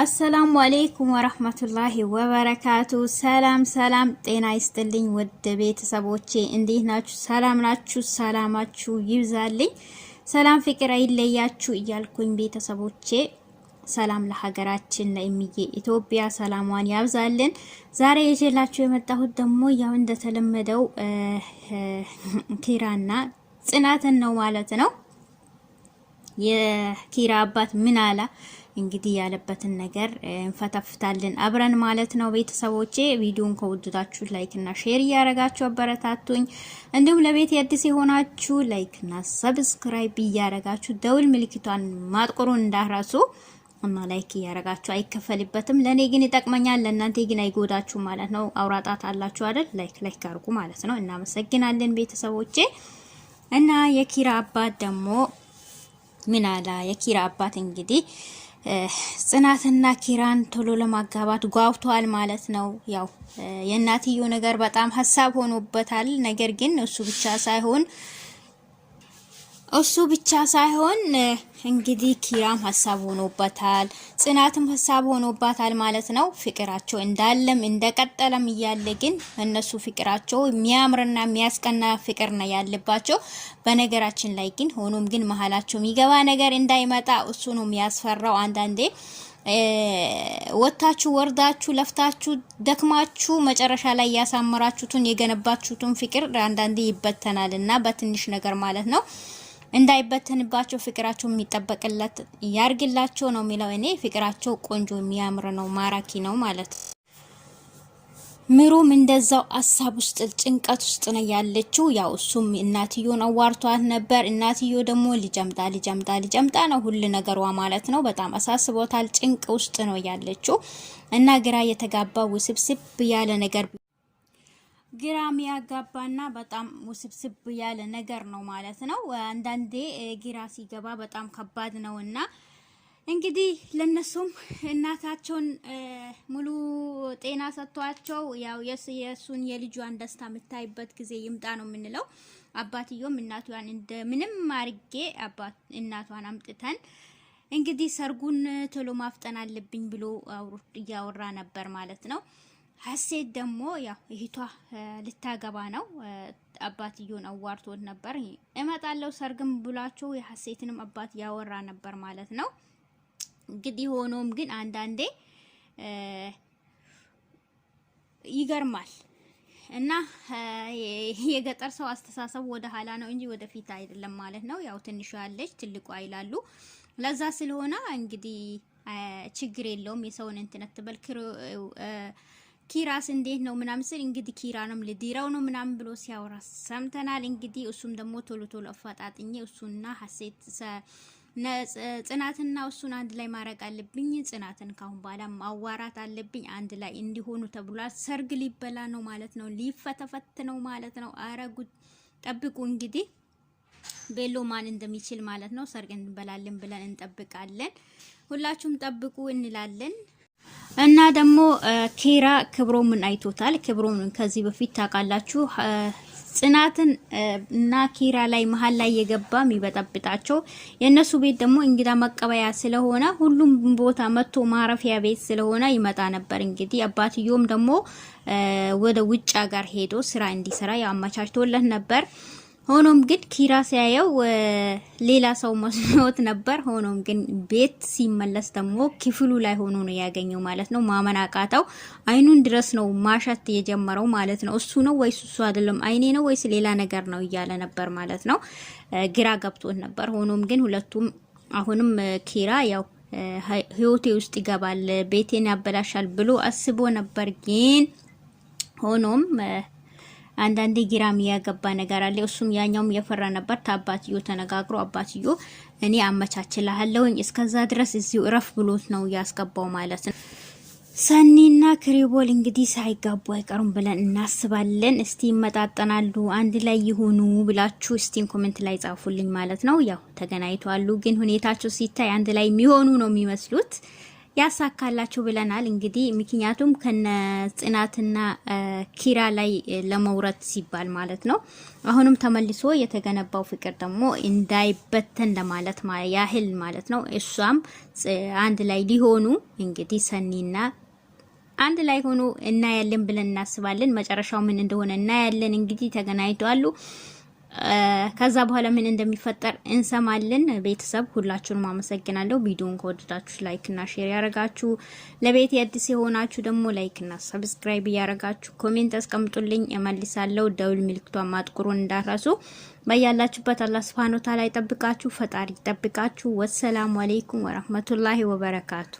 አሰላሙ አሌይኩም ወረህመቱላሂ ወበረካቱ። ሰላም ሰላም፣ ጤና ይስጥልኝ ውድ ቤተሰቦቼ እንዴት ናችሁ? ሰላም ናችሁ? ሰላማችሁ ይብዛልኝ፣ ሰላም ፍቅር አይለያችሁ እያልኩኝ ቤተሰቦቼ ሰላም ለሀገራችን ለእምዬ ኢትዮጵያ ሰላሟን ያብዛልን። ዛሬ የጀላችሁ የመጣሁት ደግሞ ያው እንደተለመደው ኪራና ጽናትን ነው ማለት ነው። የኪራ አባት ምን አላ እንግዲህ ያለበትን ነገር እንፈተፍታለን አብረን ማለት ነው። ቤተሰቦቼ ቪዲዮን ከወደዳችሁ ላይክ እና ሼር እያረጋችሁ አበረታቱኝ። እንዲሁም ለቤት የአዲስ የሆናችሁ ላይክ እና ሰብስክራይብ እያረጋችሁ ደውል ምልክቷን ማጥቆሩን እንዳረሱ እና ላይክ እያረጋችሁ አይከፈልበትም። ለኔ ግን ይጠቅመኛል፣ ለእናንተ ግን አይጎዳችሁ ማለት ነው። አውራጣት አላችሁ አይደል? ላይክ ላይክ አርጉ ማለት ነው። እናመሰግናለን ቤተሰቦቼ እና የኪራ አባት ደግሞ ምን አላ የኪራ አባት እንግዲህ ጽናትና ኪራን ቶሎ ለማጋባት ጓጉቷል ማለት ነው። ያው የእናትየው ነገር በጣም ሀሳብ ሆኖበታል። ነገር ግን እሱ ብቻ ሳይሆን እሱ ብቻ ሳይሆን እንግዲህ ኪራም ሀሳብ ሆኖበታል፣ ጽናትም ሀሳብ ሆኖባታል ማለት ነው። ፍቅራቸው እንዳለም እንደቀጠለም እያለ ግን እነሱ ፍቅራቸው የሚያምርና የሚያስቀና ፍቅር ነው ያለባቸው። በነገራችን ላይ ግን ሆኖም ግን መሀላቸው የሚገባ ነገር እንዳይመጣ እሱ ነው የሚያስፈራው። አንዳንዴ ወታችሁ ወርዳችሁ ለፍታችሁ ደክማችሁ መጨረሻ ላይ ያሳመራችሁትን የገነባችሁትን ፍቅር አንዳንዴ ይበተናል እና በትንሽ ነገር ማለት ነው እንዳይበተንባቸው ፍቅራቸው የሚጠበቅለት ያርግላቸው ነው የሚለው። እኔ ፍቅራቸው ቆንጆ የሚያምር ነው፣ ማራኪ ነው ማለት ነው። ምሩም እንደዛው ሀሳብ ውስጥ ጭንቀት ውስጥ ነው ያለችው። ያው እሱም እናትዮን አዋርቷት ነበር። እናትዮ ደግሞ ሊጀምጣ ሊጀምጣ ሊጀምጣ ነው ሁሉ ነገሯ ማለት ነው። በጣም አሳስቦታል። ጭንቅ ውስጥ ነው ያለችው እና ግራ የተጋባ ውስብስብ ያለ ነገር ግራም ያጋባና በጣም ውስብስብ ያለ ነገር ነው ማለት ነው። አንዳንዴ ግራ ሲገባ በጣም ከባድ ነው እና እንግዲህ ለነሱም እናታቸውን ሙሉ ጤና ሰጥቷቸው ያው የእሱን የልጇን ደስታ የምታይበት ጊዜ ይምጣ ነው የምንለው። አባትዮም እናቷን እንደ ምንም አርጌ አባት እናቷን አምጥተን እንግዲህ ሰርጉን ቶሎ ማፍጠን አለብኝ ብሎ እያወራ ነበር ማለት ነው። ሀሴት ደግሞ ያው እህቷ ልታገባ ነው። አባትዮን አዋርቶት ነበር። እመጣለው ሰርግም ብሏቸው የሀሴትንም አባት ያወራ ነበር ማለት ነው። እንግዲህ ሆኖም ግን አንዳንዴ ይገርማል እና የገጠር ሰው አስተሳሰብ ወደ ኋላ ነው እንጂ ወደፊት አይደለም ማለት ነው። ያው ትንሹ ያለች ትልቋ ይላሉ። ለዛ ስለሆነ እንግዲህ ችግር የለውም የሰውን እንትነት በልክሮ ኪራስ እንዴት ነው ምናምን ስል እንግዲህ ነው ልዲራው ነው ምናምን ብሎ ሲያወራ ሰምተናል። እንግዲህ እሱም ደግሞ ቶሎ ቶሎ አፋጣጥኝ እሱና ሀሴት ጽናትና እሱን አንድ ላይ ማረቅ አለብኝ። ጽናትን ካሁን በኋላ ማዋራት አለብኝ። አንድ ላይ እንዲሆኑ ተብሏል። ሰርግ ሊበላ ነው ማለት ነው። ሊፈተፈት ነው ማለት ነው። አረጉ ጠብቁ እንግዲህ ቤሎ ማን እንደሚችል ማለት ነው። ሰርግ እንበላለን ብለን እንጠብቃለን። ሁላችሁም ጠብቁ እንላለን። እና ደግሞ ኬራ ክብሮምን አይቶታል። ክብሮምን ከዚህ በፊት ታውቃላችሁ ጽናትን እና ኪራ ላይ መሀል ላይ የገባ የሚበጠብጣቸው የእነሱ ቤት ደግሞ እንግዳ መቀበያ ስለሆነ ሁሉም ቦታ መጥቶ ማረፊያ ቤት ስለሆነ ይመጣ ነበር። እንግዲህ አባትዮም ደግሞ ወደ ውጭ ሀገር ሄዶ ስራ እንዲሰራ አመቻችቶለት ነበር። ሆኖም ግን ኪራ ሲያየው ሌላ ሰው መስሎት ነበር። ሆኖም ግን ቤት ሲመለስ ደግሞ ክፍሉ ላይ ሆኖ ነው ያገኘው ማለት ነው። ማመን አቃተው። አይኑን ድረስ ነው ማሸት የጀመረው ማለት ነው። እሱ ነው ወይስ እሱ አይደለም፣ አይኔ ነው ወይስ ሌላ ነገር ነው እያለ ነበር ማለት ነው። ግራ ገብቶት ነበር። ሆኖም ግን ሁለቱም አሁንም ኪራ ያው ህይወቴ ውስጥ ይገባል፣ ቤቴን ያበላሻል ብሎ አስቦ ነበር። ግን ሆኖም አንዳንዴ ግራም ያገባ ነገር አለ። እሱም ያኛውም የፈራ ነበር። ታባትዮ ተነጋግሮ አባትዮ እኔ አመቻችልሃለሁኝ እስከዛ ድረስ እዚሁ እረፍ ብሎት ነው ያስገባው ማለት ነው። ሰኒና ክሪቦል እንግዲህ ሳይጋቡ አይቀሩም ብለን እናስባለን። እስቲ ይመጣጠናሉ፣ አንድ ላይ ይሆኑ ብላችሁ እስቲን ኮሜንት ላይ ጻፉልኝ ማለት ነው። ያው ተገናኝተዋሉ፣ ግን ሁኔታቸው ሲታይ አንድ ላይ የሚሆኑ ነው የሚመስሉት። ያሳካላችሁ ብለናል። እንግዲህ ምክንያቱም ከነ ጽናትና ኪራ ላይ ለመውረት ሲባል ማለት ነው። አሁንም ተመልሶ የተገነባው ፍቅር ደግሞ እንዳይበተን ለማለት ያህል ማለት ነው። እሷም አንድ ላይ ሊሆኑ እንግዲህ ሰኒና አንድ ላይ ሆኖ እናያለን ብለን እናስባለን። መጨረሻው ምን እንደሆነ እናያለን። እንግዲህ ተገናኝተዋል። ከዛ በኋላ ምን እንደሚፈጠር እንሰማለን። ቤተሰብ ሁላችሁንም አመሰግናለሁ። ቪዲዮን ከወደዳችሁ ላይክ እና ሼር ያረጋችሁ፣ ለቤት የአዲስ የሆናችሁ ደግሞ ላይክ እና ሰብስክራይብ እያረጋችሁ ኮሜንት አስቀምጡልኝ፣ እመልሳለሁ። ደውል ምልክቷን ማጥቁሩን እንዳረሱ። በያላችሁበት አላህ ሱብሃነሁ ወተዓላ ይጠብቃችሁ፣ ፈጣሪ ይጠብቃችሁ። ወሰላሙ አሌይኩም ወረህመቱላሂ ወበረካቱ